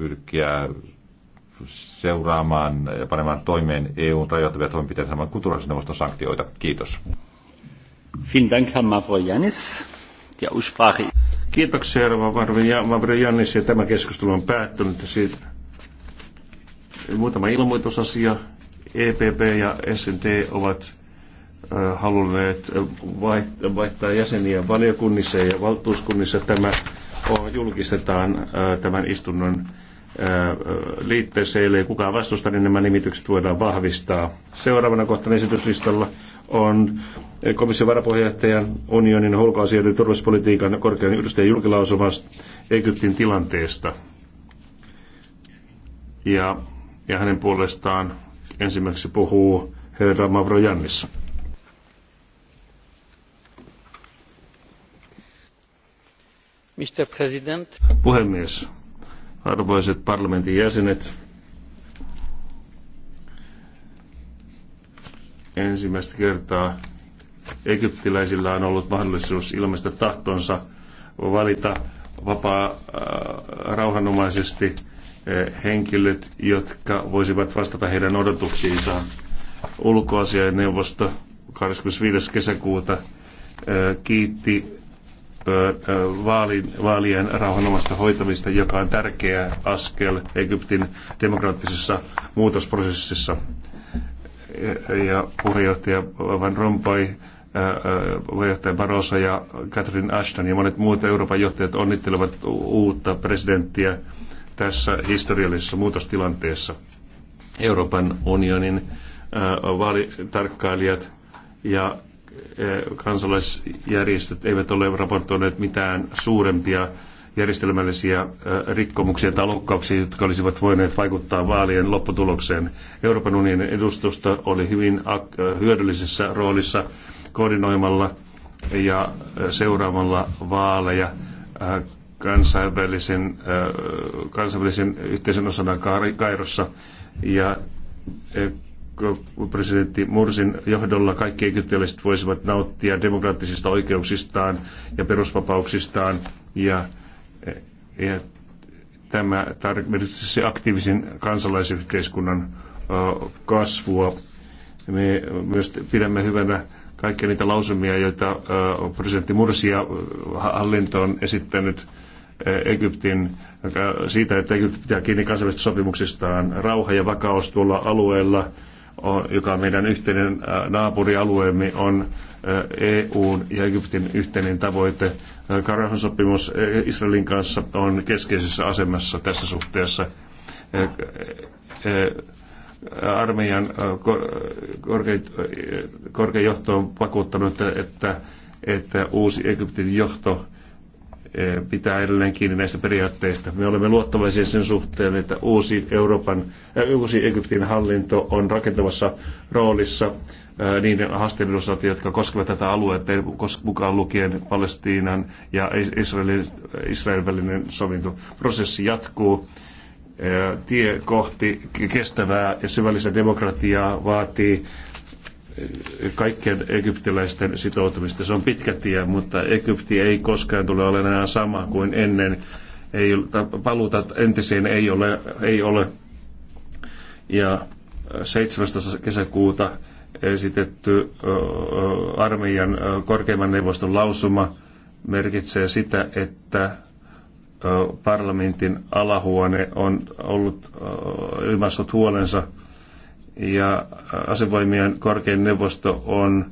pyrkiä seuraamaan ja panemaan toimeen EUn rajoittavia toimenpiteitä saman kuin sanktioita. Kiitos. Vielen Dank, Herr Mavrojanis. Die Aussprache. Kiitoksia, Herra Mavrojanis, ja tämä keskustelu on päättynyt. Siitä muutama ilmoitusasia. EPP ja SNT ovat halunneet vaihtaa jäseniä valiokunnissa ja valtuuskunnissa. Tämä julkistetaan tämän istunnon liitteessä, ellei kukaan vastusta, niin nämä nimitykset voidaan vahvistaa. Seuraavana kohtana esityslistalla on komission varapuheenjohtajan unionin ulkoasioiden turvallisuuspolitiikan korkean edustajan julkilausumasta Egyptin tilanteesta. Ja, ja hänen puolestaan ensimmäiseksi puhuu herra Mavrojannis. Mr. President. Puhemies Arvoisat parlamentin jäsenet, ensimmäistä kertaa egyptiläisillä on ollut mahdollisuus ilmaista tahtonsa valita vapaa äh, rauhanomaisesti äh, henkilöt, jotka voisivat vastata heidän odotuksiinsa. Ulkoasiainneuvosto 25. kesäkuuta äh, kiitti vaalien rauhanomaista hoitamista, joka on tärkeä askel Egyptin demokraattisessa muutosprosessissa. Ja puheenjohtaja Van Rompuy, puheenjohtaja Barroso ja Catherine Ashton ja monet muut Euroopan johtajat onnittelevat uutta presidenttiä tässä historiallisessa muutostilanteessa. Euroopan unionin vaalitarkkailijat ja kansalaisjärjestöt eivät ole raportoineet mitään suurempia järjestelmällisiä rikkomuksia tai loukkauksia, jotka olisivat voineet vaikuttaa vaalien lopputulokseen. Euroopan unionin edustusta oli hyvin hyödyllisessä roolissa koordinoimalla ja seuraamalla vaaleja kansainvälisen, kansainvälisen yhteisön osana Kairossa ja presidentti Mursin johdolla kaikki egyptiläiset voisivat nauttia demokraattisista oikeuksistaan ja perusvapauksistaan. Ja, ja tämä tarkoittaisi siis aktiivisen kansalaisyhteiskunnan kasvua. Me myös pidämme hyvänä kaikkia niitä lausumia, joita presidentti Mursia hallinto on esittänyt Egyptin siitä, että Egypti pitää kiinni kansainvälisistä sopimuksistaan. Rauha ja vakaus tuolla alueella on, joka on meidän yhteinen naapurialueemme, on EUn ja Egyptin yhteinen tavoite. Karahan sopimus Israelin kanssa on keskeisessä asemassa tässä suhteessa. Armeijan korkein johto on vakuuttanut, että, että uusi Egyptin johto Eh, pitää edelleen kiinni näistä periaatteista. Me olemme luottavaisia sen suhteen, että uusi, Euroopan, äh, uusi Egyptin hallinto on rakentavassa roolissa äh, niiden haasteiden osalta, jotka koskevat tätä aluetta, mukaan lukien Palestiinan ja Israelin, Israelin välinen sovintoprosessi jatkuu. Äh, tie kohti kestävää ja syvällistä demokratiaa vaatii äh, kaikkien egyptiläisten sitoutumista. Se on pitkä tie, mutta Egypti ei koskaan tule olemaan enää sama kuin ennen. Ei, paluuta entiseen ei ole, ei ole. Ja 17. Äh, kesäkuuta esitetty armeijan korkeimman neuvoston lausuma merkitsee sitä, että parlamentin alahuone on ollut ilmaissut huolensa – ja äh, asevoimien korkein neuvosto on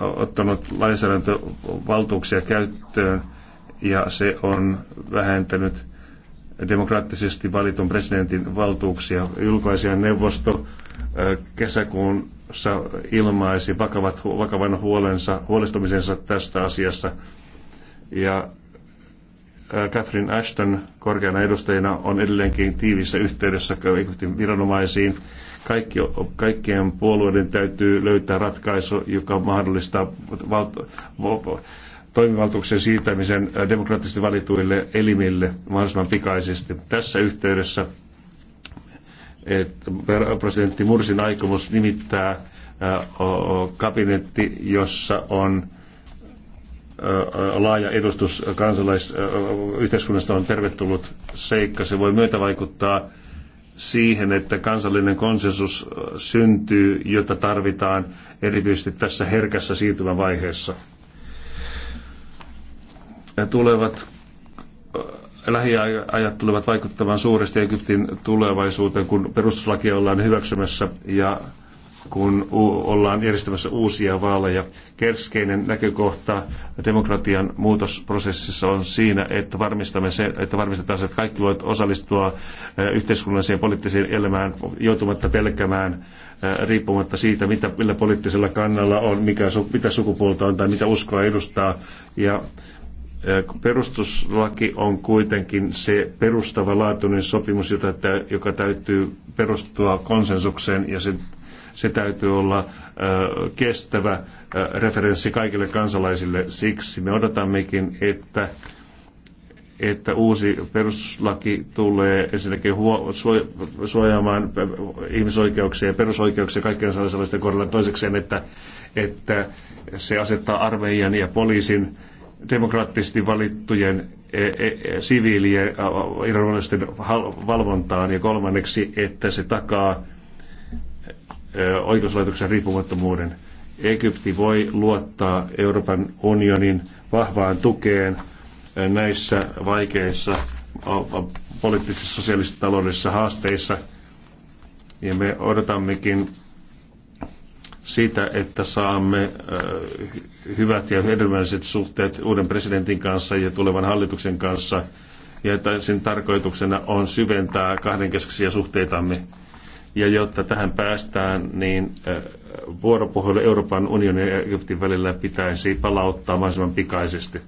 ottanut lainsäädäntövaltuuksia käyttöön ja se on vähentänyt demokraattisesti valitun presidentin valtuuksia. Julkaisijan neuvosto äh, kesäkuussa ilmaisi vakavat, vakavan huolensa, huolestumisensa tästä asiasta ja Catherine Ashton korkeana edustajana on edelleenkin tiivissä yhteydessä Egyptin viranomaisiin. Kaikki, kaikkien puolueiden täytyy löytää ratkaisu, joka mahdollistaa valto, toimivaltuuksien siirtämisen demokraattisesti valituille elimille mahdollisimman pikaisesti. Tässä yhteydessä että presidentti Mursin aikomus nimittää kabinetti, jossa on laaja edustus kansalaisyhteiskunnasta on tervetullut seikka. Se voi myötävaikuttaa siihen, että kansallinen konsensus syntyy, jota tarvitaan erityisesti tässä herkässä siirtymävaiheessa. Ja tulevat lähiajat tulevat vaikuttamaan suuresti Egyptin tulevaisuuteen, kun perustuslakia ollaan hyväksymässä ja kun ollaan järjestämässä uusia vaaleja. Keskeinen näkökohta demokratian muutosprosessissa on siinä, että, varmistamme se, että varmistetaan se, että kaikki voivat osallistua yhteiskunnalliseen poliittiseen elämään joutumatta pelkämään riippumatta siitä, mitä, millä poliittisella kannalla on, mikä, mitä sukupuolta on tai mitä uskoa edustaa. Ja perustuslaki on kuitenkin se perustava laatuinen sopimus, jota, joka täytyy perustua konsensukseen ja sen se täytyy olla kestävä referenssi kaikille kansalaisille. Siksi me odotammekin, että että uusi peruslaki tulee ensinnäkin huo, suojaamaan ihmisoikeuksia ja perusoikeuksia kaikkien sellaisten kohdalla. Toisekseen, että, että se asettaa armeijan ja poliisin demokraattisesti valittujen e, e, e siviilien ja valvontaan. Ja kolmanneksi, että se takaa oikeuslaitoksen riippumattomuuden. Egypti voi luottaa Euroopan unionin vahvaan tukeen näissä vaikeissa poliittisissa, sosiaalisissa, taloudellisissa haasteissa. Ja me odotammekin sitä, että saamme hyvät ja hedelmälliset suhteet uuden presidentin kanssa ja tulevan hallituksen kanssa. Ja sen tarkoituksena on syventää kahdenkeskisiä suhteitamme ja jotta tähän päästään, niin vuoropuhelu Euroopan unionin ja Egyptin välillä pitäisi palauttaa mahdollisimman pikaisesti.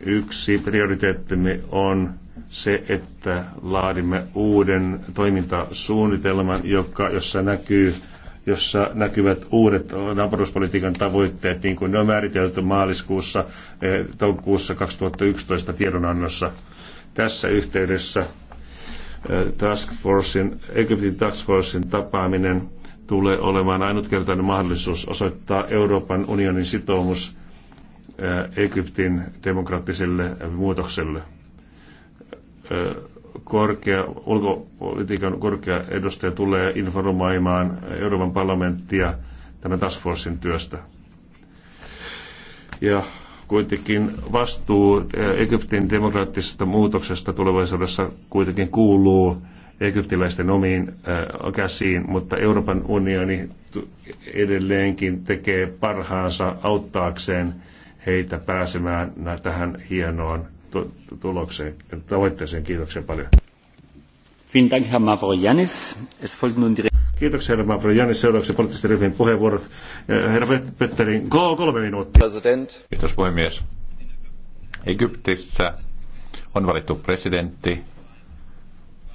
Yksi prioriteettimme on se, että laadimme uuden toimintasuunnitelman, joka, jossa näkyy jossa näkyvät uudet naapuruspolitiikan tavoitteet, niin kuin ne on määritelty maaliskuussa, eh, toukokuussa 2011 tiedonannossa. Tässä yhteydessä Äh, Task Forcein, Egyptin Task Forcein tapaaminen tulee olemaan ainutkertainen mahdollisuus osoittaa Euroopan unionin sitoumus äh, Egyptin demokraattiselle muutokselle. Äh, korkea, ulkopolitiikan korkea edustaja tulee informoimaan Euroopan parlamenttia tämän Task Forcein työstä. Ja Kuitenkin vastuu eh, Egyptin demokraattisesta muutoksesta tulevaisuudessa kuitenkin kuuluu egyptiläisten omiin eh, käsiin, mutta Euroopan unioni edelleenkin tekee parhaansa auttaakseen heitä pääsemään tähän hienoon tulokseen, tavoitteeseen. Kiitoksia paljon. Vielen Dank, Herr Es folgt nun Kiitoksia, herra Mavro. Jani seuraavaksi poliittisten ryhmien puheenvuorot. Herra Petterin, kolme minuuttia. President. Kiitos puhemies. Egyptissä on valittu presidentti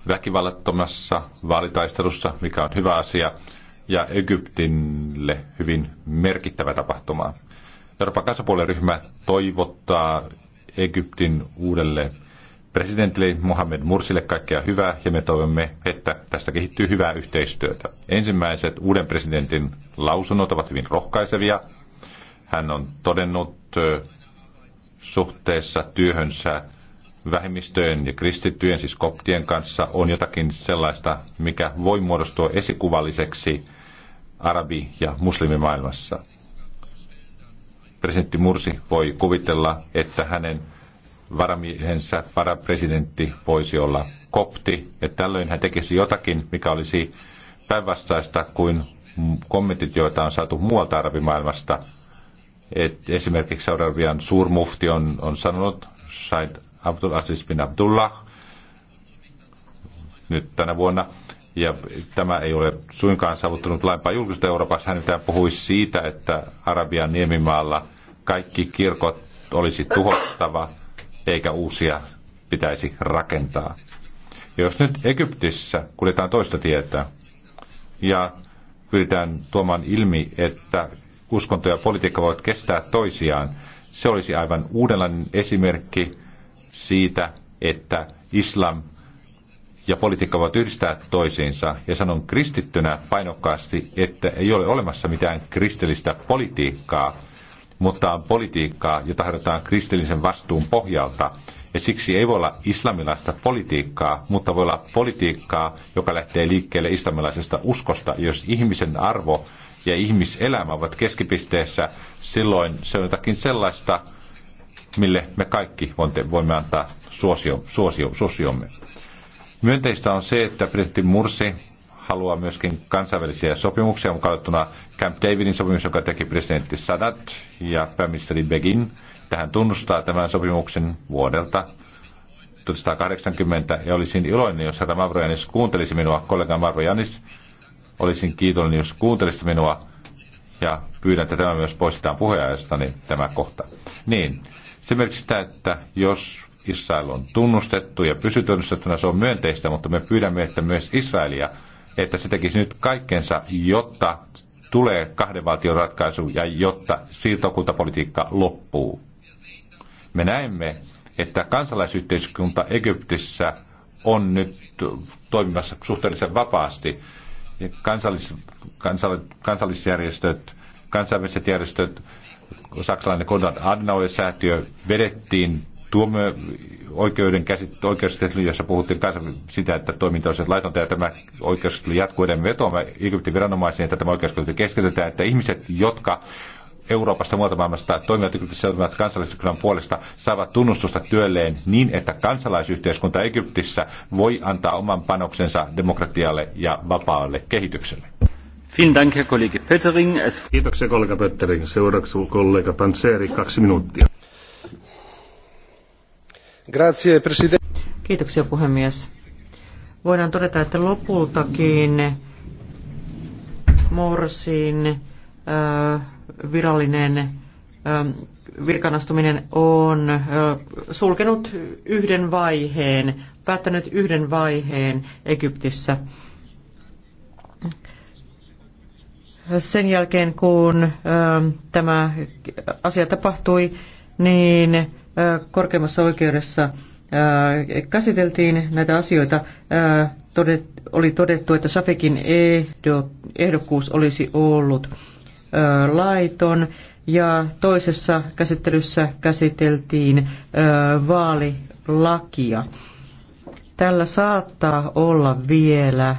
väkivallattomassa vaalitaistelussa, mikä on hyvä asia, ja Egyptille hyvin merkittävä tapahtuma. Euroopan kansapuolen ryhmä toivottaa Egyptin uudelle presidentille Mohamed Mursille kaikkea hyvää ja me toivomme, että tästä kehittyy hyvää yhteistyötä. Ensimmäiset uuden presidentin lausunnot ovat hyvin rohkaisevia. Hän on todennut suhteessa työhönsä vähemmistöjen ja kristittyjen, siis koptien kanssa, on jotakin sellaista, mikä voi muodostua esikuvalliseksi arabi- ja muslimimaailmassa. Presidentti Mursi voi kuvitella, että hänen varamiehensä varapresidentti voisi olla kopti, ja tällöin hän tekisi jotakin, mikä olisi päinvastaista kuin kommentit, joita on saatu muualta arabimaailmasta. Et esimerkiksi Saudi-Arabian suurmufti on, on sanonut, Said Abdul Aziz bin Abdullah, nyt tänä vuonna, ja tämä ei ole suinkaan saavuttanut laimpaa julkista Euroopassa. Hän mitään puhui siitä, että Arabian niemimaalla kaikki kirkot olisi tuhottava eikä uusia pitäisi rakentaa. Jos nyt Egyptissä kuljetaan toista tietä ja pyritään tuomaan ilmi, että uskonto ja politiikka voivat kestää toisiaan, se olisi aivan uudenlainen esimerkki siitä, että islam ja politiikka voivat yhdistää toisiinsa. Ja sanon kristittynä painokkaasti, että ei ole olemassa mitään kristillistä politiikkaa mutta on politiikkaa, jota harjoitetaan kristillisen vastuun pohjalta. Ja siksi ei voi olla islamilaista politiikkaa, mutta voi olla politiikkaa, joka lähtee liikkeelle islamilaisesta uskosta. Jos ihmisen arvo ja ihmiselämä ovat keskipisteessä, silloin se on jotakin sellaista, mille me kaikki voimme antaa suosio, suosio, suosiomme. Myönteistä on se, että presidentti Mursi haluaa myöskin kansainvälisiä sopimuksia, mukaan Camp Davidin sopimus, joka teki presidentti Sadat ja pääministeri Begin. Tähän tunnustaa tämän sopimuksen vuodelta 1980 ja olisin iloinen, jos herra Janis kuuntelisi minua, kollega Janis Olisin kiitollinen, jos kuuntelisit minua ja pyydän, että tämä myös poistetaan puheenjohtajastani tämä kohta. Niin, se merkitsee sitä, että jos Israel on tunnustettu ja pysytunnustettuna, se on myönteistä, mutta me pyydämme, että myös Israelia että se tekisi nyt kaikkensa, jotta tulee kahden valtion ratkaisu ja jotta siirtokuntapolitiikka loppuu. Me näemme, että kansalaisyhteiskunta Egyptissä on nyt toimimassa suhteellisen vapaasti. Kansallis, kansal, kansallisjärjestöt, kansainväliset järjestöt, saksalainen Konrad Adenauer-säätiö vedettiin tuomio oikeuden käsittely, jossa puhuttiin kanssa sitä, että toiminta on laitonta ja tämä oikeuskäsittely jatkuu edelleen vetoamme Egyptin viranomaisiin, että tämä oikeuskäsittely keskitetään, että ihmiset, jotka Euroopasta muualta maailmasta toimivat seuraavat kansalaisyhteiskunnan puolesta saavat tunnustusta työlleen niin, että kansalaisyhteiskunta Egyptissä voi antaa oman panoksensa demokratialle ja vapaalle kehitykselle. Kiitoksia kollega Pöttering. Seuraavaksi kollega Panseri, kaksi minuuttia. Kiitoksia puhemies. Voidaan todeta, että lopultakin Morsin virallinen virkanastuminen on sulkenut yhden vaiheen, päättänyt yhden vaiheen Egyptissä. Sen jälkeen, kun tämä asia tapahtui, niin korkeimmassa oikeudessa käsiteltiin näitä asioita, oli todettu, että Safekin ehdokkuus olisi ollut laiton ja toisessa käsittelyssä käsiteltiin vaalilakia. Tällä saattaa olla vielä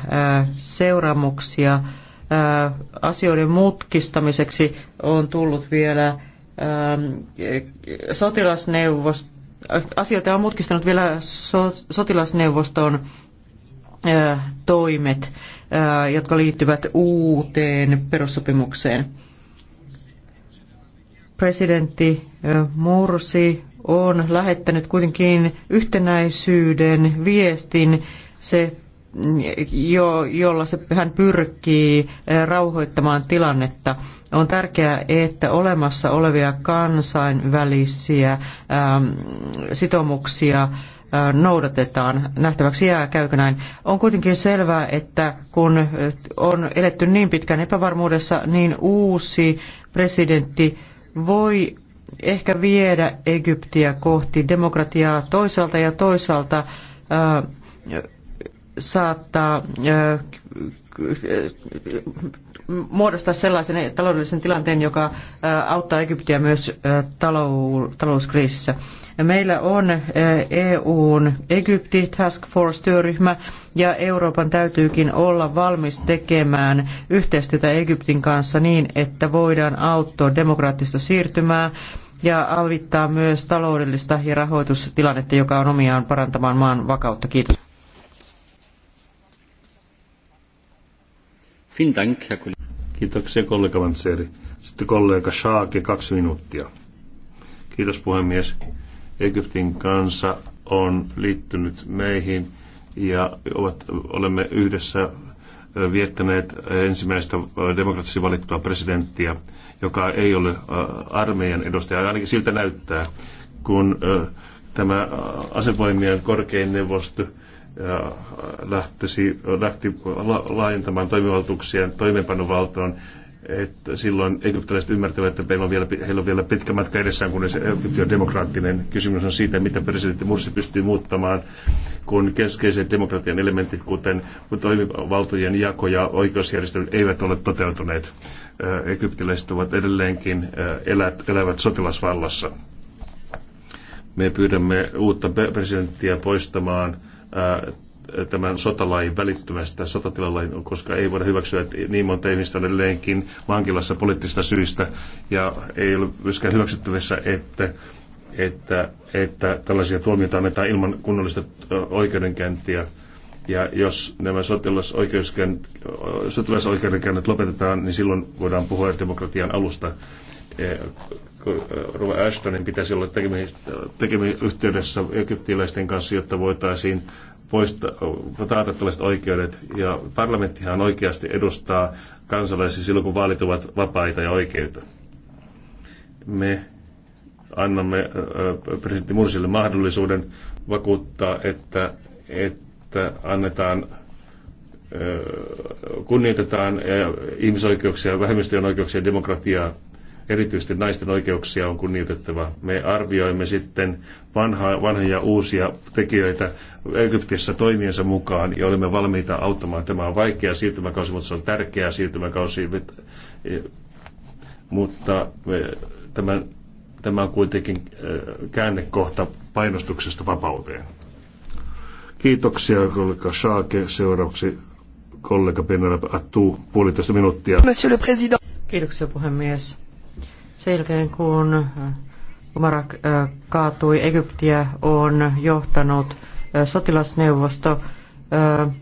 seuraamuksia asioiden mutkistamiseksi on tullut vielä Ähm, sotilasneuvosto, asioita on mutkistanut vielä so, sotilasneuvoston äh, toimet, äh, jotka liittyvät uuteen perussopimukseen. Presidentti äh, Mursi on lähettänyt kuitenkin yhtenäisyyden viestin, se, jo, jolla se, hän pyrkii rauhoittamaan tilannetta – on tärkeää, että olemassa olevia kansainvälisiä ähm, sitoumuksia äh, noudatetaan. Nähtäväksi jää, käykö näin. On kuitenkin selvää, että kun äh, on eletty niin pitkään epävarmuudessa, niin uusi presidentti voi ehkä viedä Egyptiä kohti demokratiaa toisaalta ja toisaalta äh, saattaa muodostaa sellaisen taloudellisen tilanteen, joka auttaa Egyptiä myös talouskriisissä. Meillä on EUn Egypti Task Force-työryhmä ja Euroopan täytyykin olla valmis tekemään yhteistyötä Egyptin kanssa niin, että voidaan auttaa demokraattista siirtymää ja avittaa myös taloudellista ja rahoitustilannetta, joka on omiaan parantamaan maan vakautta. Kiitos. Kiitoksia kollega Vanseri. Sitten kollega Shaake, kaksi minuuttia. Kiitos puhemies. Egyptin kansa on liittynyt meihin ja ovat, olemme yhdessä viettäneet ensimmäistä demokraattisesti valittua presidenttiä, joka ei ole armeijan edustaja, ainakin siltä näyttää, kun tämä asevoimien korkein neuvosto – Äh, lähtisi, lähti laajentamaan toimivaltuuksien toimeenpanovaltoon, että silloin egyptiläiset ymmärtävät, että on vielä, heillä on vielä pitkä matka edessään, kunnes Egypti on demokraattinen. Kysymys on siitä, mitä presidentti Mursi pystyy muuttamaan, kun keskeiset demokratian elementit, kuten toimivaltojen jako ja oikeusjärjestely, eivät ole toteutuneet. Äh, egyptiläiset ovat edelleenkin äh, elät, elävät sotilasvallassa. Me pyydämme uutta presidenttiä poistamaan – tämän sotalain välittömästä sotatilalain, koska ei voida hyväksyä, että niin monta ihmistä on edelleenkin vankilassa poliittisista syistä. Ja ei ole myöskään hyväksyttävissä, että, että, että tällaisia tuomioita annetaan ilman kunnollista oikeudenkäyntiä. Ja jos nämä sotilasoikeudenkäynnit lopetetaan, niin silloin voidaan puhua demokratian alusta Rova Ashtonin pitäisi olla tekemi, tekemi yhteydessä egyptiläisten kanssa, jotta voitaisiin poistaa, taata tällaiset oikeudet. Ja parlamenttihan oikeasti edustaa kansalaisia silloin, kun vaalit ovat vapaita ja oikeita. Me annamme presidentti Mursille mahdollisuuden vakuuttaa, että, että annetaan kunnioitetaan ihmisoikeuksia, vähemmistöjen oikeuksia ja demokratiaa Erityisesti naisten oikeuksia on kunnioitettava. Me arvioimme sitten vanhaa, vanhoja uusia tekijöitä Egyptissä toimiensa mukaan ja olemme valmiita auttamaan. Tämä on vaikea siirtymäkausi, mutta se on tärkeä siirtymäkausi. E, mutta e, tämän tämä on kuitenkin e, käännekohta painostuksesta vapauteen. Kiitoksia kollega Shaake. Seuraavaksi kollega Penelope Attu puolitoista minuuttia. Monsieur le Président. Kiitoksia puhemies. Sen jälkeen kun Mubarak äh, kaatui, Egyptiä on johtanut äh, sotilasneuvosto. Äh,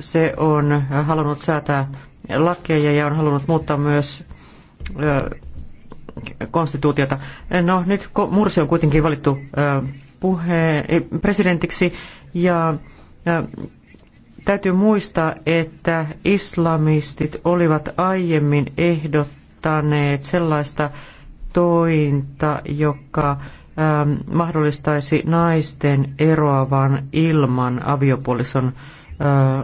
se on halunnut säätää lakeja ja on halunnut muuttaa myös konstituutiota. No nyt Mursi on kuitenkin valittu puhe, presidentiksi ja täytyy muistaa, että islamistit olivat aiemmin ehdot ehdottaneet sellaista tointa, joka ähm, mahdollistaisi naisten eroavan ilman aviopuolison äh,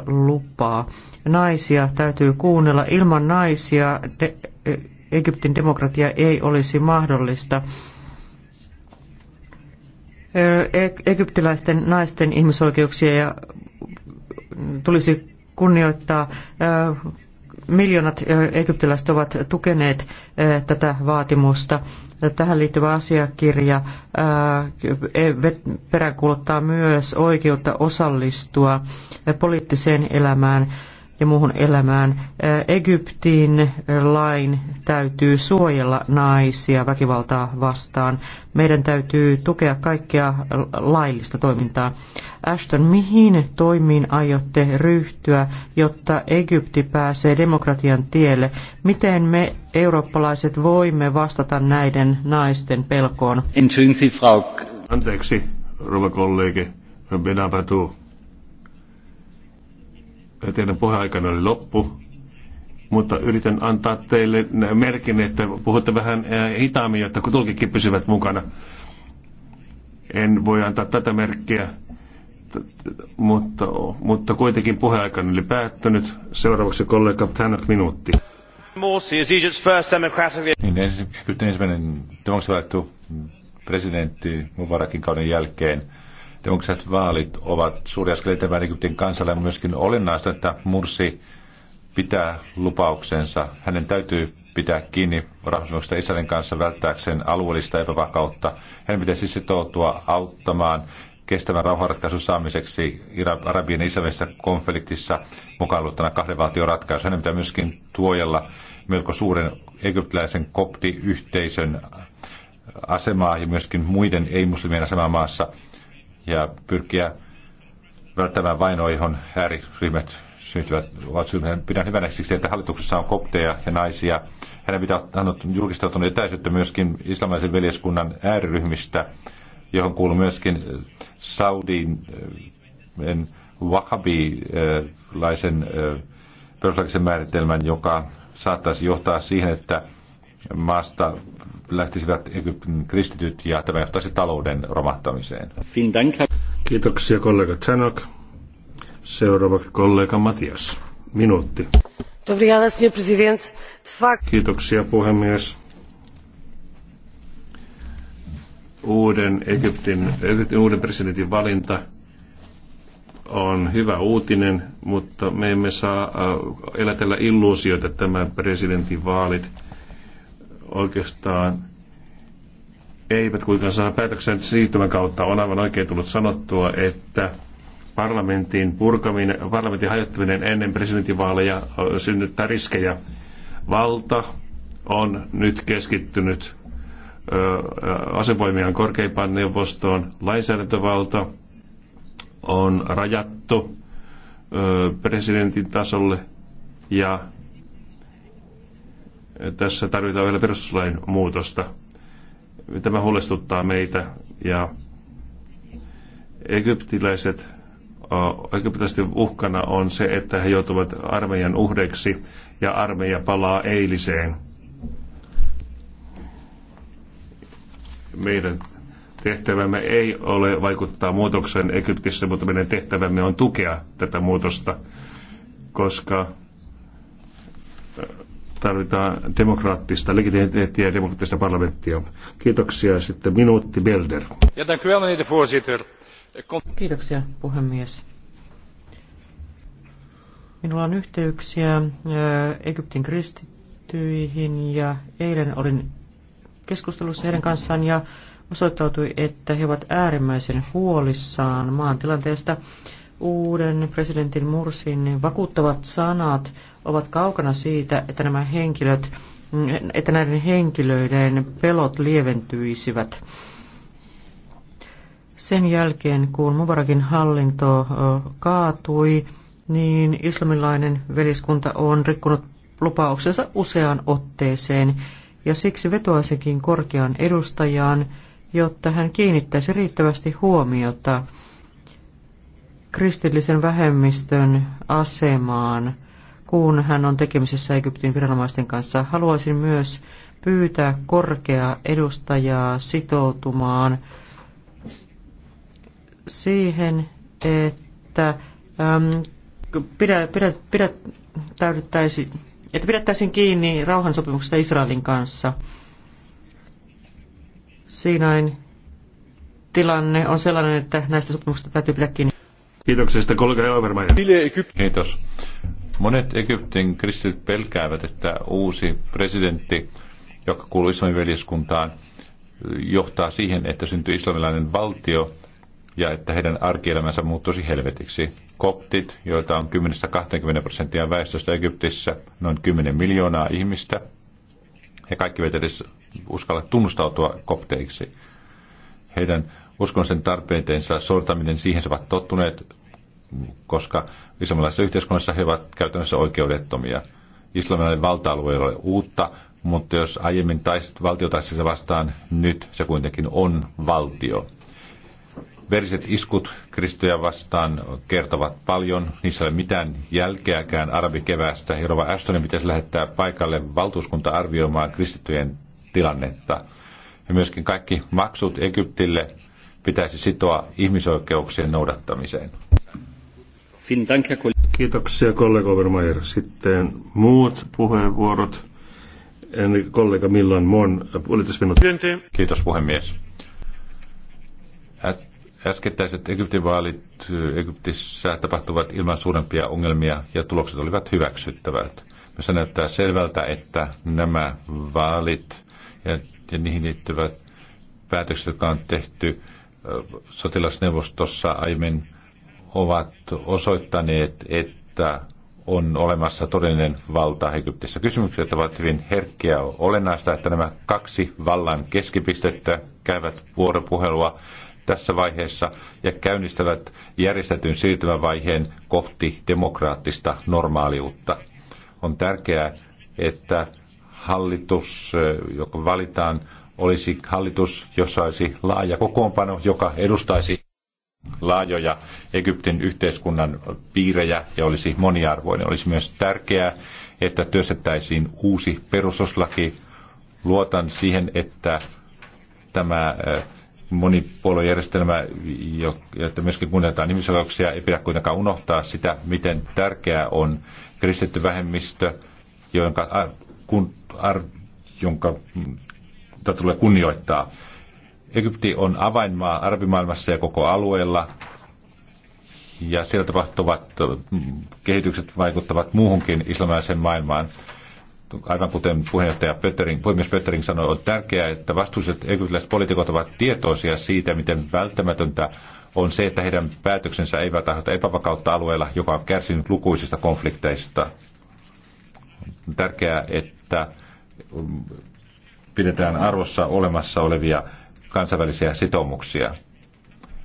lupaa. Naisia täytyy kuunnella. Ilman naisia de- äh, Egyptin demokratia ei olisi mahdollista. Äh, e, egyptiläisten naisten ihmisoikeuksia ja tulisi kunnioittaa miljoonat egyptiläiset ovat tukeneet tätä vaatimusta. Tähän liittyvä asiakirja e, peräänkuuluttaa myös oikeutta osallistua poliittiseen elämään ja muuhun elämään. Egyptin lain täytyy suojella naisia väkivaltaa vastaan. Meidän täytyy tukea kaikkea laillista toimintaa. Ashton, mihin toimiin aiotte ryhtyä, jotta Egypti pääsee demokratian tielle? Miten me eurooppalaiset voimme vastata näiden naisten pelkoon? Anteeksi, rouva kollegi, Benabatu. Teidän puheaikana oli loppu mutta yritän antaa teille merkin, että puhutte vähän äh, hitaammin, jotta kun tulkikin pysyvät mukana. En voi antaa tätä merkkiä, mutta, mutta kuitenkin puheaikani oli päättynyt. Seuraavaksi kollega Tanner minuutti. Morsi is Niin, ensimmäinen demokraattittu presidentti Mubarakin kauden jälkeen. Demokraattiset vaalit ovat suuri askel eteenpäin Egyptin kansalle, mutta myöskin olennaista, että Mursi pitää lupauksensa. Hänen täytyy pitää kiinni rahoituksesta Israelin kanssa välttääkseen alueellista epävakautta. Hän pitäisi sitoutua auttamaan kestävän rauhanratkaisun saamiseksi Arabien ja konfliktissa mukaan luottana kahden valtion ratkaisu. Hänen pitää myöskin tuojella melko suuren egyptiläisen koptiyhteisön asemaa ja myöskin muiden ei-muslimien asemaa maassa ja pyrkiä välttämään vainoa, johon ääriryhmät syntyvät, ovat syntyvät. Pidän hyvänä siksi, että hallituksessa on kopteja ja naisia. Hänen pitää antaa julkistautunut etäisyyttä myöskin islamaisen veljeskunnan ääriryhmistä johon kuuluu myöskin äh, Saudin äh, wahhabilaisen äh, perustuslaillisen määritelmän, joka saattaisi johtaa siihen, että maasta lähtisivät Egyptin kristityt ja tämä johtaisi talouden romahtamiseen. Kiitoksia kollega Chanok. Seuraavaksi kollega Matias. Minuutti. Kiitoksia puhemies uuden Egyptin, Egyptin uuden presidentin valinta on hyvä uutinen, mutta me emme saa äh, elätellä illuusioita tämä presidentin vaalit oikeastaan eivät kuitenkaan saa päätöksen siirtymän kautta. On aivan oikein tullut sanottua, että parlamentin purkaminen, parlamentin hajottaminen ennen presidentinvaaleja äh, synnyttää riskejä. Valta on nyt keskittynyt asevoimien korkeimpaan neuvostoon. Lainsäädäntövalta on rajattu presidentin tasolle ja tässä tarvitaan vielä perustuslain muutosta. Tämä huolestuttaa meitä ja egyptiläiset Egyptiläisten uhkana on se, että he joutuvat armeijan uhreiksi ja armeija palaa eiliseen Meidän tehtävämme ei ole vaikuttaa muutokseen Egyptissä, mutta meidän tehtävämme on tukea tätä muutosta, koska tarvitaan demokraattista legitimiteettiä ja demokraattista parlamenttia. Kiitoksia. Sitten minuutti Belder. Kiitoksia puhemies. Minulla on yhteyksiä Egyptin kristittyihin ja eilen olin keskustelussa heidän kanssaan ja osoittautui, että he ovat äärimmäisen huolissaan maan tilanteesta. Uuden presidentin Mursin vakuuttavat sanat ovat kaukana siitä, että nämä henkilöt, että näiden henkilöiden pelot lieventyisivät. Sen jälkeen, kun Mubarakin hallinto kaatui, niin islamilainen veliskunta on rikkonut lupauksensa useaan otteeseen ja siksi vetoaisinkin korkean edustajaan, jotta hän kiinnittäisi riittävästi huomiota kristillisen vähemmistön asemaan, kun hän on tekemisessä Egyptin viranomaisten kanssa. Haluaisin myös pyytää korkeaa edustajaa sitoutumaan siihen, että ähm, pidä, pidä, pidä, täydettäisiin että pidettäisiin kiinni rauhansopimuksesta Israelin kanssa. Siinain tilanne on sellainen, että näistä sopimuksista täytyy pitää kiinni. Kiitoksesta kollega Obermeier. Kiitos. Monet Egyptin kristityt pelkäävät, että uusi presidentti, joka kuuluu islamin veljeskuntaan, johtaa siihen, että syntyy islamilainen valtio ja että heidän arkielämänsä muuttuisi helvetiksi koptit, joita on 10-20 prosenttia väestöstä Egyptissä, noin 10 miljoonaa ihmistä. He kaikki eivät edes uskalla tunnustautua kopteiksi. Heidän uskonnollisen tarpeiteensa sortaminen, siihen ovat tottuneet, koska islamilaisessa yhteiskunnassa he ovat käytännössä oikeudettomia. Islamilainen valta-alue ei ole uutta, mutta jos aiemmin taist, valtio vastaan, nyt se kuitenkin on valtio. Veriset iskut kristoja vastaan kertovat paljon. Niissä ei ole mitään jälkeäkään arabikeväästä. Jerova Ashtonin pitäisi lähettää paikalle valtuuskunta arvioimaan kristittyjen tilannetta. Ja myöskin kaikki maksut Egyptille pitäisi sitoa ihmisoikeuksien noudattamiseen. Kiitoksia kollega Obermeier. Sitten muut puheenvuorot. En kollega Millan Mon, puolitoista minuuttia. Kiitos puhemies Äskettäiset Egyptin vaalit äh, Egyptissä tapahtuvat ilman suurempia ongelmia ja tulokset olivat hyväksyttävät. Myös näyttää selvältä, että nämä vaalit ja, ja niihin liittyvät päätökset, jotka on tehty äh, sotilasneuvostossa aiemmin, ovat osoittaneet, että on olemassa todellinen valta Egyptissä. Kysymykset ovat hyvin herkkiä. Olennaista, että nämä kaksi vallan keskipistettä käyvät vuoropuhelua tässä vaiheessa ja käynnistävät järjestetyn siirtymävaiheen kohti demokraattista normaaliutta. On tärkeää, että hallitus, joka valitaan, olisi hallitus, jossa olisi laaja kokoonpano, joka edustaisi laajoja Egyptin yhteiskunnan piirejä ja olisi moniarvoinen. Olisi myös tärkeää, että työstettäisiin uusi perustuslaki. Luotan siihen, että tämä monipuoluejärjestelmä, jotta myöskin kunnioitetaan ihmisoikeuksia, ei pidä kuitenkaan unohtaa sitä, miten tärkeää on kristitty vähemmistö, jonka, kun, ar, jonka tulee kunnioittaa. Egypti on avainmaa arabimaailmassa ja koko alueella, ja siellä tapahtuvat mm, kehitykset vaikuttavat muuhunkin islamilaiseen maailmaan aivan kuten puheenjohtaja Pöttering, puhemies Pöttering sanoi, on tärkeää, että vastuulliset egyptiläiset poliitikot ovat tietoisia siitä, miten välttämätöntä on se, että heidän päätöksensä eivät aiheuta epävakautta alueella, joka on kärsinyt lukuisista konflikteista. On tärkeää, että pidetään arvossa olemassa olevia kansainvälisiä sitoumuksia.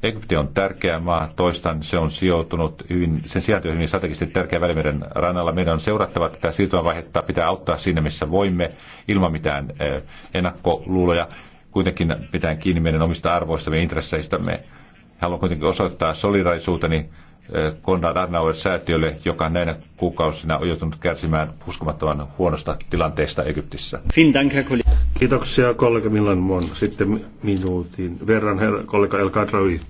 Egypti on tärkeä maa, toistan, se on sijoitunut hyvin, sen sijainti on hyvin strategisesti tärkeä Välimeren rannalla. Meidän on seurattava tätä siirtymävaihetta, pitää auttaa siinä, missä voimme, ilman mitään eh, ennakkoluuloja. Kuitenkin pitää kiinni meidän omista arvoistamme ja intresseistämme. Haluan kuitenkin osoittaa solidaisuuteni Eh, Konrad Adenauer-säätiölle, joka näinä kuukausina on joutunut kärsimään uskomattoman huonosta tilanteesta Egyptissä. Kiitoksia kollega Milan Mon. Sitten minuutin verran herra, kollega El Kadravi.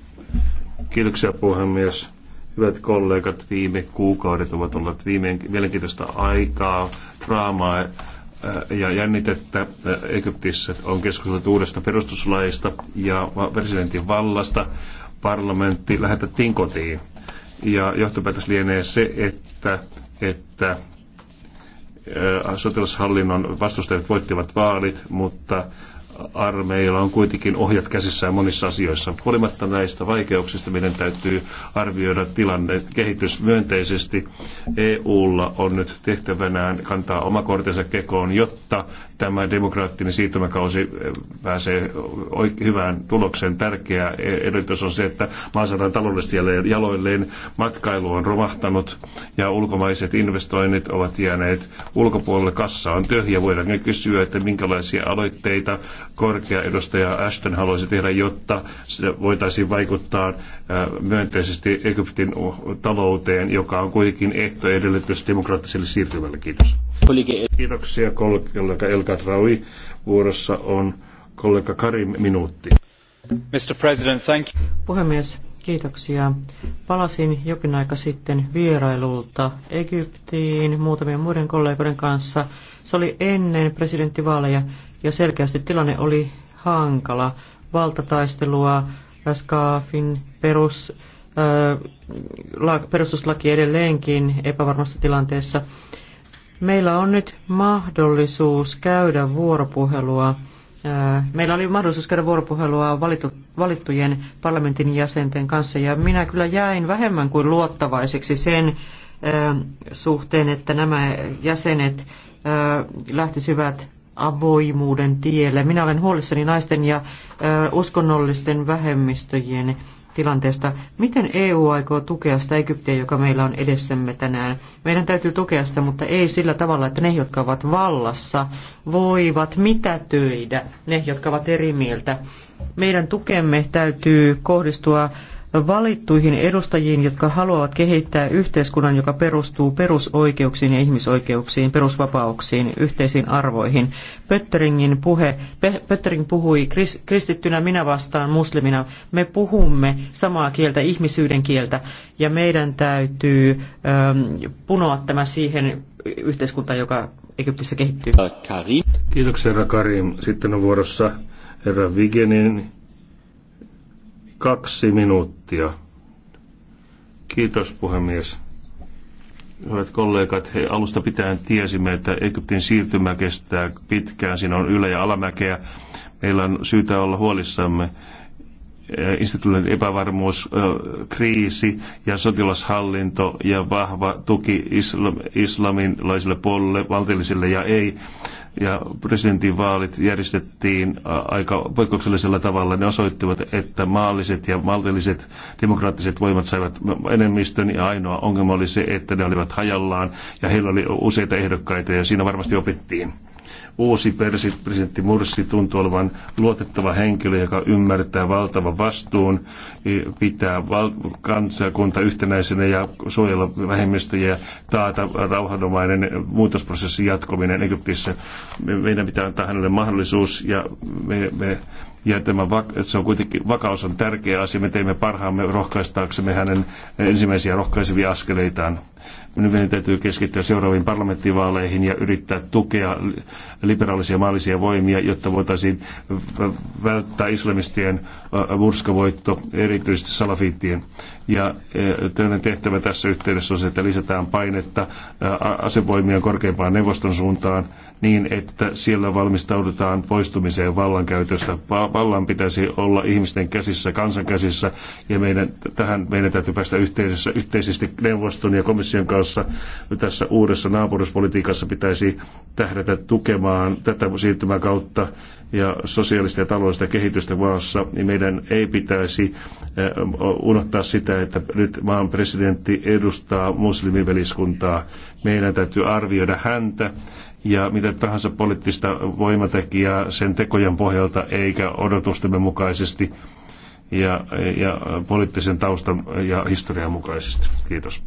Kiitoksia puhemies. Hyvät kollegat, viime kuukaudet ovat olleet viime mielenkiintoista aikaa, draamaa eh, ja jännitettä eh, Egyptissä. On keskusteltu uudesta perustuslaista ja presidentin vallasta. Parlamentti lähetettiin kotiin ja johtopäätös lienee se, että, että sotilashallinnon vastustajat voittivat vaalit, mutta armeijalla on kuitenkin ohjat käsissään monissa asioissa. Huolimatta näistä vaikeuksista meidän täytyy arvioida tilanne kehitys myönteisesti. EUlla on nyt tehtävänään kantaa oma kortensa kekoon, jotta tämä demokraattinen siirtymäkausi eh, pääsee hyvään tulokseen. Tärkeä edellytys on se, että maan saadaan taloudellisesti jälleen jaloilleen. Matkailu on romahtanut ja ulkomaiset investoinnit ovat jääneet ulkopuolelle. Kassa on tyhjä. Voidaan kysyä, että minkälaisia aloitteita korkea edustaja Ashton haluaisi tehdä, jotta voitaisiin vaikuttaa myönteisesti Egyptin talouteen, joka on kuitenkin ehto edellytys demokraattiselle siirtymälle. Kiitos. Kiitoksia kollega Elka Raui. Vuorossa on kollega Karim minuutti. Mr. President, thank you. Puhemies, kiitoksia. Palasin jokin aika sitten vierailulta Egyptiin muutamien muiden kollegoiden kanssa. Se oli ennen presidenttivaaleja ja selkeästi tilanne oli hankala. Valtataistelua, äh, Skaafin perus, äh, perustuslaki edelleenkin epävarmassa tilanteessa. Meillä on nyt mahdollisuus käydä vuoropuhelua. Äh, meillä oli mahdollisuus käydä vuoropuhelua valittujen parlamentin jäsenten kanssa ja minä kyllä jäin vähemmän kuin luottavaiseksi sen suhteen, että nämä jäsenet lähtisivät avoimuuden tielle. Minä olen huolissani naisten ja uskonnollisten vähemmistöjen tilanteesta. Miten EU aikoo tukea sitä Egyptiä, joka meillä on edessämme tänään? Meidän täytyy tukea sitä, mutta ei sillä tavalla, että ne, jotka ovat vallassa, voivat mitätöidä ne, jotka ovat eri mieltä. Meidän tukemme täytyy kohdistua valittuihin edustajiin, jotka haluavat kehittää yhteiskunnan, joka perustuu perusoikeuksiin ja ihmisoikeuksiin, perusvapauksiin, yhteisiin arvoihin. Pötteringin puhe, Pöttering puhui kristittynä minä vastaan muslimina. Me puhumme samaa kieltä, ihmisyyden kieltä, ja meidän täytyy ähm, punoa tämä siihen yhteiskuntaan, joka Egyptissä kehittyy. Karim. Kiitoksia, herra Karim. Sitten on vuorossa herra Vigenin Kaksi minuuttia. Kiitos puhemies. Hyvät kollegat, he alusta pitäen tiesimme, että Egyptin siirtymä kestää pitkään. Siinä on ylä- ja alamäkeä. Meillä on syytä olla huolissamme eh, instituutin epävarmuus, kriisi ja sotilashallinto ja vahva tuki islam, islamilaisille puolelle, valtiollisille ja ei ja presidentinvaalit vaalit järjestettiin aika poikkeuksellisella tavalla. Ne osoittivat, että maalliset ja maltilliset demokraattiset voimat saivat enemmistön ja ainoa ongelma oli se, että ne olivat hajallaan ja heillä oli useita ehdokkaita ja siinä varmasti opittiin. Uusi presidentti Mursi tuntuu olevan luotettava henkilö, joka ymmärtää valtavan vastuun, pitää val- kansakunta yhtenäisenä ja suojella vähemmistöjä, taata rauhanomainen muutosprosessin jatkuminen Egyptissä meidän pitää antaa hänelle mahdollisuus ja, me, me, ja tämä se on kuitenkin, vakaus on tärkeä asia. Me teemme parhaamme rohkaistaaksemme hänen ensimmäisiä rohkaisevia askeleitaan. Nyt meidän täytyy keskittyä seuraaviin parlamenttivaaleihin ja yrittää tukea liberaalisia maallisia voimia, jotta voitaisiin välttää islamistien murskavoitto, erityisesti salafiittien. Ja tällainen tehtävä tässä yhteydessä on se, että lisätään painetta asevoimien korkeimpaan neuvoston suuntaan – niin, että siellä valmistaudutaan poistumiseen vallankäytöstä. Vallan pitäisi olla ihmisten käsissä, kansan käsissä, ja meidän, tähän meidän täytyy päästä yhteisessä, yhteisesti neuvoston ja komission kanssa. Tässä uudessa naapuruspolitiikassa pitäisi tähdätä tukemaan tätä siirtymää kautta ja sosiaalista ja taloudellista kehitystä maassa, niin meidän ei pitäisi eh, unohtaa sitä, että nyt maan presidentti edustaa muslimiveliskuntaa. Meidän täytyy arvioida häntä ja mitä tahansa poliittista voimatekijää sen tekojen pohjalta eikä odotustemme mukaisesti ja, ja poliittisen taustan ja historian mukaisesti. Kiitos.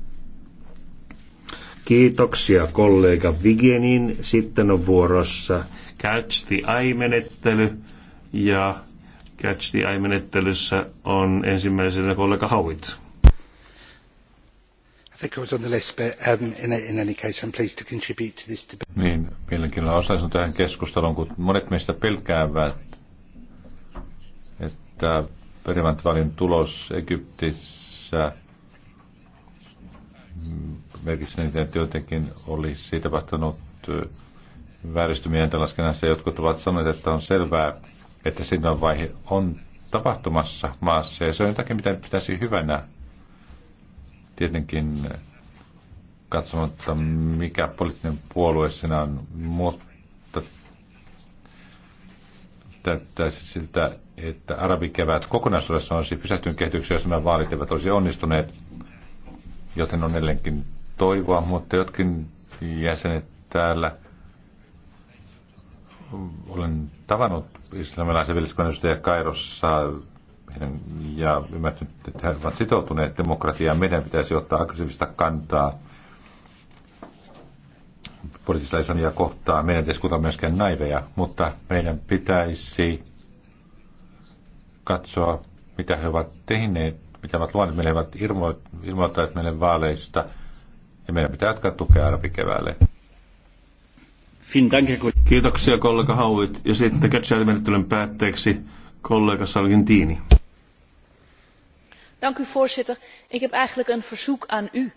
Kiitoksia kollega Vigenin. Sitten on vuorossa catch the eye-menettely ja catch the eye-menettelyssä on ensimmäisenä kollega Howitz. Niin, mielenkiinnolla osallistun tähän keskusteluun, kun monet meistä pelkäävät, että perimäntövälin tulos Egyptissä mm, merkitsee, että jotenkin olisi tapahtunut vääristymien laskennassa jotkut ovat sanoneet, että on selvää, että vaihe on tapahtumassa maassa ja se on jotakin, mitä pitäisi hyvänä tietenkin katsomatta, mikä poliittinen puolue sinä on, mutta täyttäisi siltä, että arabikevät kokonaisuudessaan olisi pysähtynyt kehitykseen, jos nämä vaalit eivät olisi onnistuneet, joten on edelleenkin toivoa, mutta jotkin jäsenet täällä – olen tavannut islamilaisen veljeskunnan edustajia Kairossa ja ymmärtänyt, että he ovat sitoutuneet demokratiaan. Meidän pitäisi ottaa aggressiivista kantaa poliittista islamia kohtaan. Meidän pitäisi kuitenkin myöskään naiveja, mutta meidän pitäisi katsoa, mitä he ovat tehneet, mitä ovat luoneet. Meille ovat ilmoittaneet meille vaaleista ja meidän pitää jatkaa tukea arabikeväälle. Fin Dank, Herr Kiitoksia kollega Hauvit. Ja sitten catch päätteeksi kollega Salgentini. Dank u voorzitter. Ik heb eigenlijk een verzoek aan u.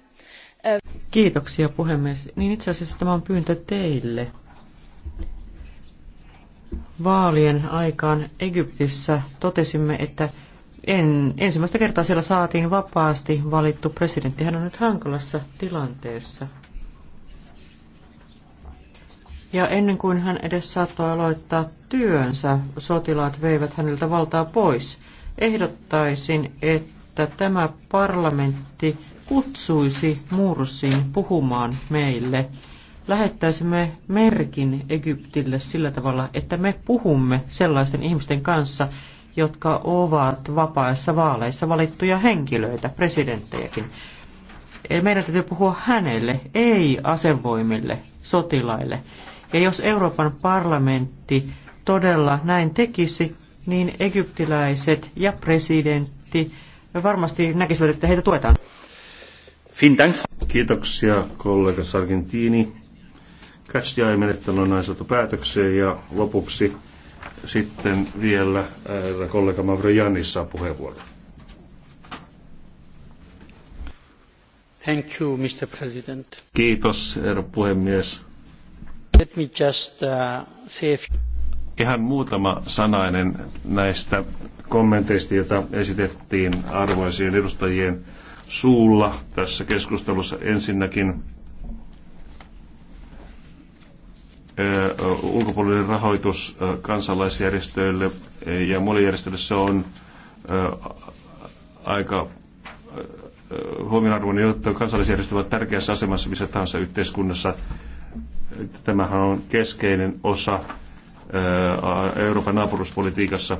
Kiitoksia puhemies. Niin itse asiassa tämä on pyyntö teille. Vaalien aikaan Egyptissä totesimme, että en, ensimmäistä kertaa siellä saatiin vapaasti valittu presidentti. Hän on nyt hankalassa tilanteessa. Ja ennen kuin hän edes saattoi aloittaa työnsä, sotilaat veivät häneltä valtaa pois. Ehdottaisin, että tämä parlamentti kutsuisi Mursin puhumaan meille. Lähettäisimme merkin Egyptille sillä tavalla, että me puhumme sellaisten ihmisten kanssa, jotka ovat vapaissa vaaleissa valittuja henkilöitä, presidenttejäkin. Meidän täytyy puhua hänelle, ei asevoimille, sotilaille. Ja jos Euroopan parlamentti todella näin tekisi, niin egyptiläiset ja presidentti varmasti näkisivät, että heitä tuetaan. Kiitoksia kollega Sargentini. Catch ei menettänyt on näin päätökseen ja lopuksi sitten vielä ää, äh, kollega Mavro Jannis saa Thank you, Mr. President. Kiitos, herra puhemies. Let me just, uh, say Ihan muutama sanainen näistä kommenteista, joita esitettiin arvoisien edustajien suulla tässä keskustelussa. Ensinnäkin ulkopuolinen rahoitus kansalaisjärjestöille ja muille järjestöille se on aika huomionarvoinen, jotta kansalaisjärjestöt ovat tärkeässä asemassa missä tahansa yhteiskunnassa. Tämähän on keskeinen osa Euroopan naapuruspolitiikassa.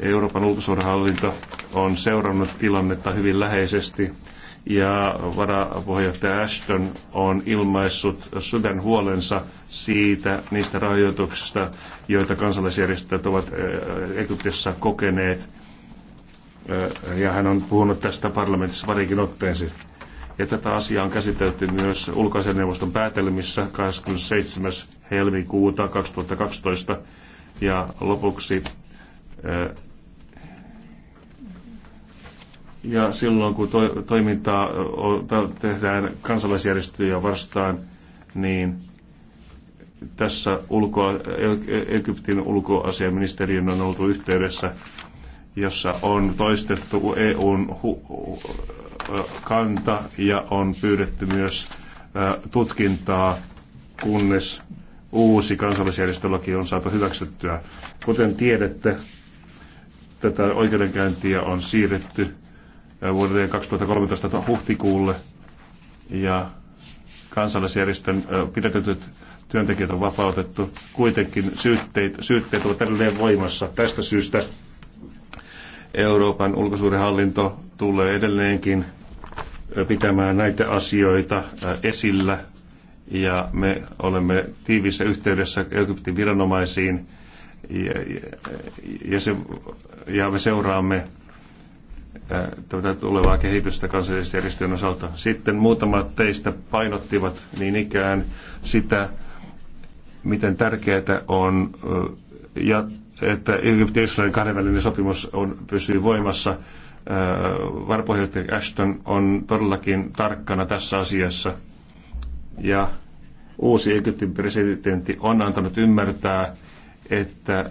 Euroopan ulkosuudenhallinto on seurannut tilannetta hyvin läheisesti ja varapuheenjohtaja Ashton on ilmaissut sydän huolensa siitä niistä rajoituksista, joita kansalaisjärjestöt ovat Egyptissä kokeneet. Ja hän on puhunut tästä parlamentissa parikin otteeseen ja tätä asiaa on käsitelty myös ulkoasianneuvoston päätelmissä 27. helmikuuta 2012. Ja lopuksi eh, ja silloin kun toimintaa tehdään kansalaisjärjestöjä vastaan, niin tässä e, e, Egyptin ulkoasiaministeriön on oltu yhteydessä, jossa on toistettu EUn hu, kanta ja on pyydetty myös tutkintaa, kunnes uusi kansallisjärjestölaki on saatu hyväksyttyä. Kuten tiedätte, tätä oikeudenkäyntiä on siirretty vuoden 2013 huhtikuulle ja kansallisjärjestön pidätetyt työntekijät on vapautettu. Kuitenkin syytteet, syytteet ovat edelleen voimassa. Tästä syystä Euroopan ulkosuurihallinto tulee edelleenkin pitämään näitä asioita esillä ja me olemme tiiviissä yhteydessä Egyptin viranomaisiin ja, ja, se, ja me seuraamme tätä tulevaa kehitystä järjestöjen osalta. Sitten muutamat teistä painottivat niin ikään sitä, miten tärkeää on että Egyptin ja Israelin kahdenvälinen sopimus on, pysyy voimassa. Äh, varapuheenjohtaja Ashton on todellakin tarkkana tässä asiassa. Ja uusi Egyptin presidentti on antanut ymmärtää, että,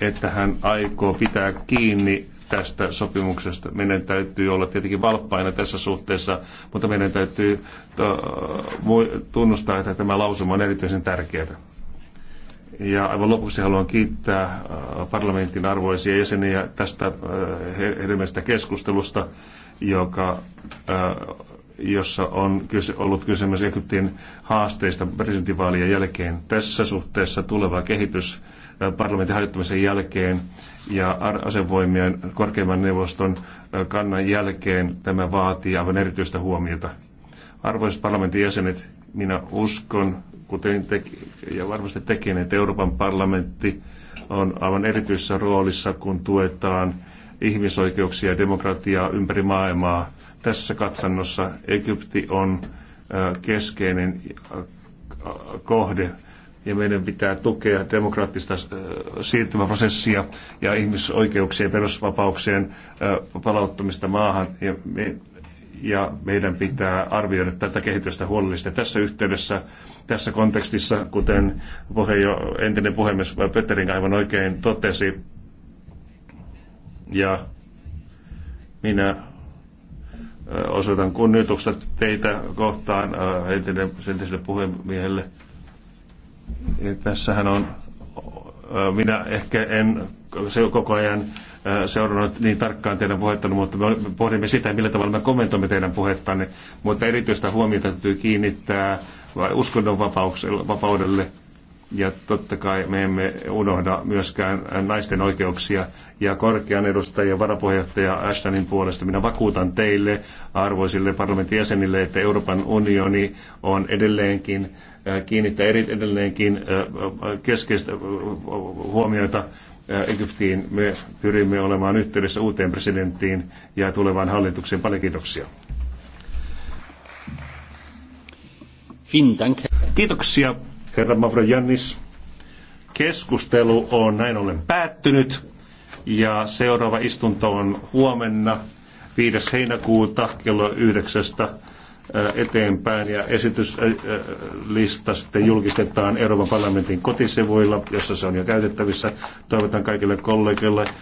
että hän aikoo pitää kiinni tästä sopimuksesta. Meidän täytyy olla tietenkin valppaina tässä suhteessa, mutta meidän täytyy tunnustaa, että tämä lausuma on erityisen tärkeä. Ja aivan lopuksi haluan kiittää äh, parlamentin arvoisia jäseniä tästä äh, hedelmästä keskustelusta, joka, äh, jossa on ollut kysymys Egyptin haasteista presidentinvaalien jälkeen. Tässä suhteessa tuleva kehitys parlamentin hajottamisen jälkeen ja asevoimien korkeimman neuvoston kannan jälkeen tämä vaatii aivan erityistä huomiota. Arvoisat parlamentin jäsenet, minä uskon, kuten te, ja varmasti tekin, että Euroopan parlamentti on aivan erityisessä roolissa, kun tuetaan ihmisoikeuksia ja demokratiaa ympäri maailmaa. Tässä katsannossa Egypti on keskeinen kohde ja meidän pitää tukea demokraattista siirtymäprosessia ja ihmisoikeuksien ja perusvapauksien palauttamista maahan. Ja, me, ja meidän pitää arvioida tätä kehitystä huolellisesti. Tässä yhteydessä tässä kontekstissa, kuten puheenjo, entinen puhemies Petterin aivan oikein totesi, ja minä osoitan kunnioitusta teitä kohtaan entinen, entiselle puhemiehelle. Tässähän on, minä ehkä en se koko ajan seurannut niin tarkkaan teidän puhettanne, mutta me pohdimme sitä, millä tavalla me kommentoimme teidän puhettanne. Mutta erityistä huomiota täytyy kiinnittää uskonnonvapaudelle. Ja totta kai me emme unohda myöskään naisten oikeuksia. Ja korkean edustajan varapuheenjohtaja Ashtonin puolesta minä vakuutan teille, arvoisille parlamentin jäsenille, että Euroopan unioni on edelleenkin äh, kiinnittää edelleenkin äh, äh, keskeistä huomiota Egyptiin. Me pyrimme olemaan yhteydessä uuteen presidenttiin ja tulevaan hallitukseen. Paljon kiitoksia. Kiitoksia, herra Jannis Keskustelu on näin ollen päättynyt ja seuraava istunto on huomenna 5. heinäkuuta kello 9 äh, eteenpäin ja esityslista äh, äh, sitten julkistetaan Euroopan parlamentin kotisivuilla, jossa se on jo käytettävissä. Toivotan kaikille kollegille.